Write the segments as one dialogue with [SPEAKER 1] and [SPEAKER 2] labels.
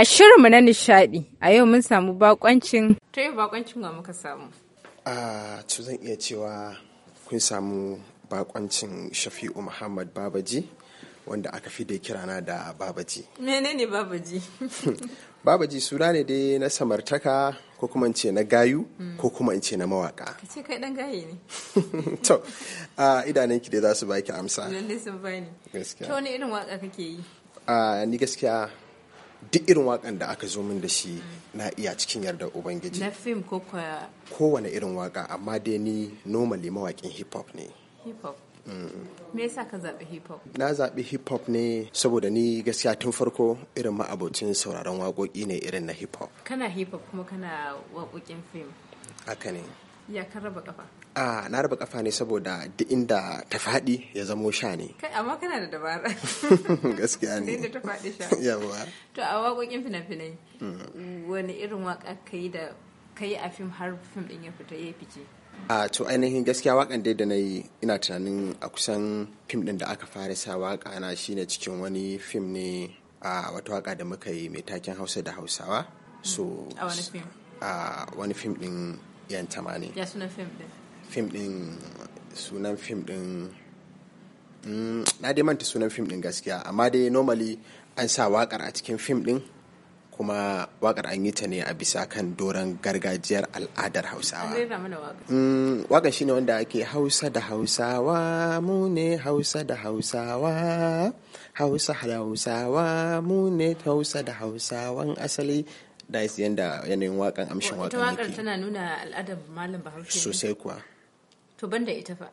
[SPEAKER 1] A shirinmu na nishaɗi a yau mun samu bakoncin. Ta yi bakoncin wa muka samu?
[SPEAKER 2] A to zan iya cewa kun samu bakoncin Shafi'u Muhammad Babaji wanda aka fi da kirana da Babaji.
[SPEAKER 1] Menene Babaji?
[SPEAKER 2] Babaji suna ne dai na samartaka ko kuma in ce na gayu ko kuma in ce na mawaka. Ka
[SPEAKER 1] ce kai dan gayi
[SPEAKER 2] ne. To, ki dai za su baki amsa.
[SPEAKER 1] Lalle sun bani. Gaskiya. To ne irin waka kake yi?
[SPEAKER 2] Ni gaskiya duk irin wakan da aka zo min da shi na iya cikin yarda ubangiji na
[SPEAKER 1] fim ko kwaya
[SPEAKER 2] kowane irin waka amma dai ni normally mawakin hip hop ne hip hop mm.
[SPEAKER 1] me yasa ka zaɓi hip hop na
[SPEAKER 2] zaɓi hip hop ne saboda ni gaskiya tun farko irin ma'abocin sauraron waƙoƙi ne irin na hip hop
[SPEAKER 1] kana hip hop kuma kana waƙoƙin fim haka ne ya kan raba kafa
[SPEAKER 2] a na raba kafa ne saboda duk inda ta faɗi ya zamo sha ne
[SPEAKER 1] kai amma kana da dabara
[SPEAKER 2] gaskiya ne inda ta
[SPEAKER 1] faɗi sha yawa to a waƙoƙin fina-finai mm. wani irin waƙa ka yi da ka yi a fim har fim ɗin ya fita ya
[SPEAKER 2] fice a to ainihin gaskiya wakan dai da na yi ina tunanin a kusan fim ɗin da aka fara sa waƙa na shine cikin wani fim ne a wata waƙa da muka yi mai taken hausa da hausawa so a wani fim ɗin yan ne ya sunan fim din sunan fim din mm, na dai manta sunan fim din gaskiya amma dai normally an sa wakar a cikin fim din kuma wakar an yi ta ne a bisa kan doron gargajiyar al'adar hausawa wakar mm, shine wanda ake hausa da hausawa mu ne hausa da hausawa hausa da hausawa mu ne hausa da hausawan asali da yanda yanayin wakan amshin wakan yake. Ita wakar
[SPEAKER 1] tana nuna al'adar malam Bahaushe.
[SPEAKER 2] Sosai kuwa.
[SPEAKER 1] To banda ita fa.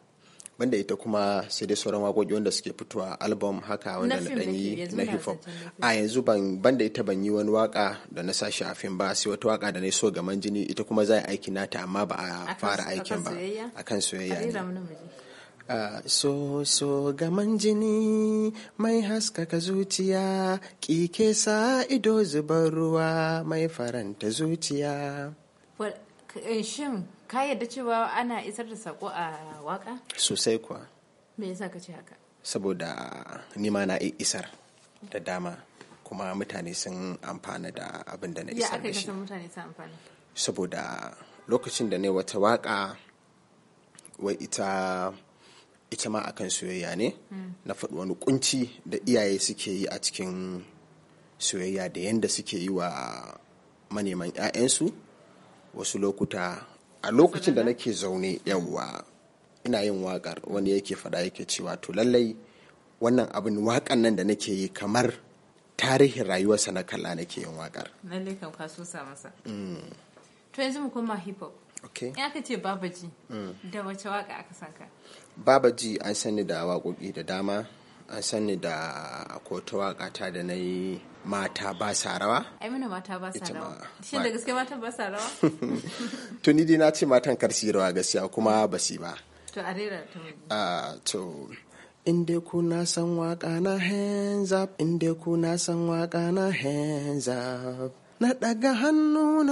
[SPEAKER 2] banda ita kuma sai dai sauran wakoki wanda suke fitowa album haka wanda na dan yi na hip hop a yanzu ban banda ita ban yi wani waka da na sashi a fim ba sai wata waka da na so gaman jini ita kuma za a aiki nata amma ba a fara aikin ba
[SPEAKER 1] akan soyayya ne
[SPEAKER 2] A so so gaman jini mai haskaka zuciya kike sa ido zubar ruwa mai faranta zuciya
[SPEAKER 1] eh, shin ka yadda cewa ana isar da sako a waka
[SPEAKER 2] sosai kuwa
[SPEAKER 1] me yasa ka ce haka
[SPEAKER 2] saboda nima na isar da dama kuma mutane sun amfana da abin da na isar da shi
[SPEAKER 1] mutane sun amfana.
[SPEAKER 2] saboda lokacin da ne wata waka wai ita ita ma akan soyayya ne na faɗi wani kunci da iyaye suke yi a cikin soyayya da yadda suke yi wa maneman 'ya'yansu wasu lokuta a lokacin da nake zaune yawwa ina yin waƙar wani yake faɗa yake cewa to lallai wannan abin waƙan nan da nake yi kamar tarihin rayuwarsa na kalla nake yin waƙar.
[SPEAKER 1] Lallai kam ka so sa masa. Mm. To yanzu mu koma hip hop. okay ya ka ce babaji mm. da wace waka aka saka
[SPEAKER 2] babaji an sani da waƙoƙi da dama an sani da akwai waka ta da na yi mata ba sa rawa?
[SPEAKER 1] Ai mana mata ba sa rawa. Shin da gaske mata ba sa rawa?
[SPEAKER 2] Tuni dai na ce matan karshe rawa gaskiya kuma ba si ba.
[SPEAKER 1] To a rera to.
[SPEAKER 2] Ah to in ku na san waka na hands up in ku na san waka na hands up Na ɗaga hannu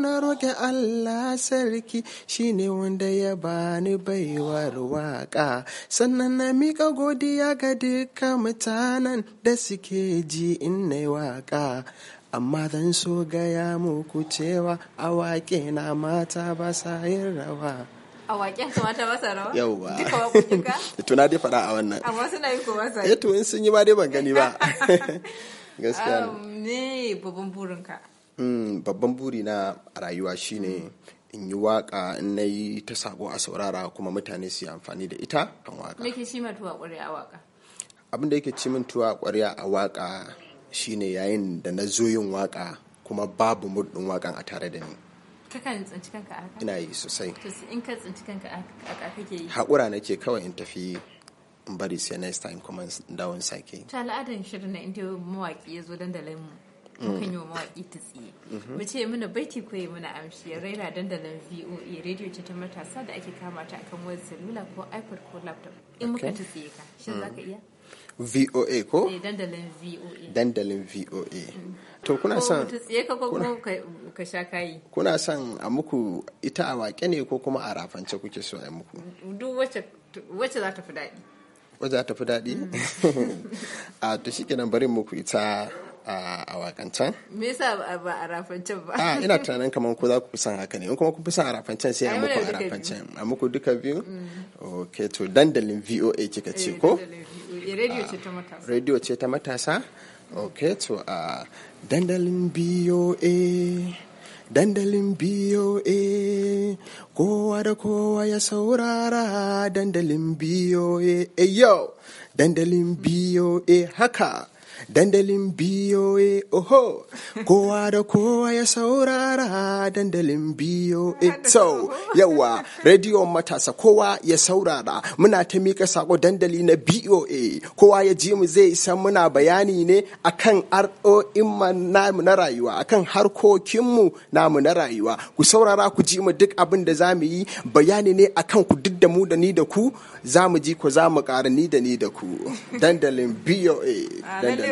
[SPEAKER 2] na roƙe Allah sarki shi ne wanda ya bani baiwar waƙa. Sannan na miƙa godiya ga duka mutanen da suke ji in na waƙa. Amma zan so gaya muku cewa waƙe na mata ba sa yin rawa.
[SPEAKER 1] a waken kamata masa rawa
[SPEAKER 2] yauwa duka wakokinka tuna dai faɗa a wannan amma
[SPEAKER 1] suna yi ko masa eh
[SPEAKER 2] to in sun yi ba dai ban gani ba gaskiya
[SPEAKER 1] ne babban burinka
[SPEAKER 2] hmm, babban buri na a rayuwa shine in yi waka in na yi ta sabo a saurara kuma mutane su yi amfani da ita kan waka
[SPEAKER 1] me ke cimin tuwa kwarya a waka
[SPEAKER 2] abin da yake cimin tuwa kwarya a waka shine yayin da na zo yin waka kuma babu murdin wakan a tare da ni
[SPEAKER 1] kakan tsinci kanka a haka ina
[SPEAKER 2] yi sosai to
[SPEAKER 1] in ka tsinci kanka a haka kake yi haƙura
[SPEAKER 2] nake kawai in tafi bari sai next time kuma dawon sake
[SPEAKER 1] ta al'adar shirin na inda mawaƙi ya zo dandalin mu mukan yi wa mawaƙi ta tsiye mhm. mu ce mana baiti ko yi mana amshi ya raina dandalin voa rediyo ce ta matasa da ake kama ta akan wani salula ko ipod ko laptop in muka ta tsiye ka shin za ka mm. iya
[SPEAKER 2] voa ko eh,
[SPEAKER 1] dandalin voa
[SPEAKER 2] dandalin voa mm. to kuna son ta tsiye ka ko
[SPEAKER 1] ka sha kayi
[SPEAKER 2] kuna son a muku ita a waƙe ne ko kuma a rafance kuke so a muku
[SPEAKER 1] duk wacce za ta fi daɗi
[SPEAKER 2] za ta fi daɗi a to shi kenan bari muku ita a wakancan
[SPEAKER 1] me yasa ba a rafancan ba a ina tunanin
[SPEAKER 2] kamar ko za ku san haka ne in kuma ku fi san a rafancan sai a muku a rafancan a muku duka biyu mm. ok to dandalin voa kika ce eh, ko
[SPEAKER 1] eh,
[SPEAKER 2] radio ce ta matasa ok to a dandalin voa dandalin BOA kowa da kowa ya saurara dandalin BOA ayo eh, dandalin BOA haka dandalin BOA oho kowa da kowa ya saurara dandalin BOA so yawa rediyon matasa kowa ya saurara muna ta mika sako dandali na BOA kowa ya ji mu zai san muna bayani ne akan ar'o'in namu na rayuwa akan harkokinmu namu na rayuwa ku saurara ku ji mu duk abin da za mu yi bayani ne akan ku duk da mu da ni da ku za mu ji ku za mu ƙara ni da ni da ku dandalin BOA dandalin ah,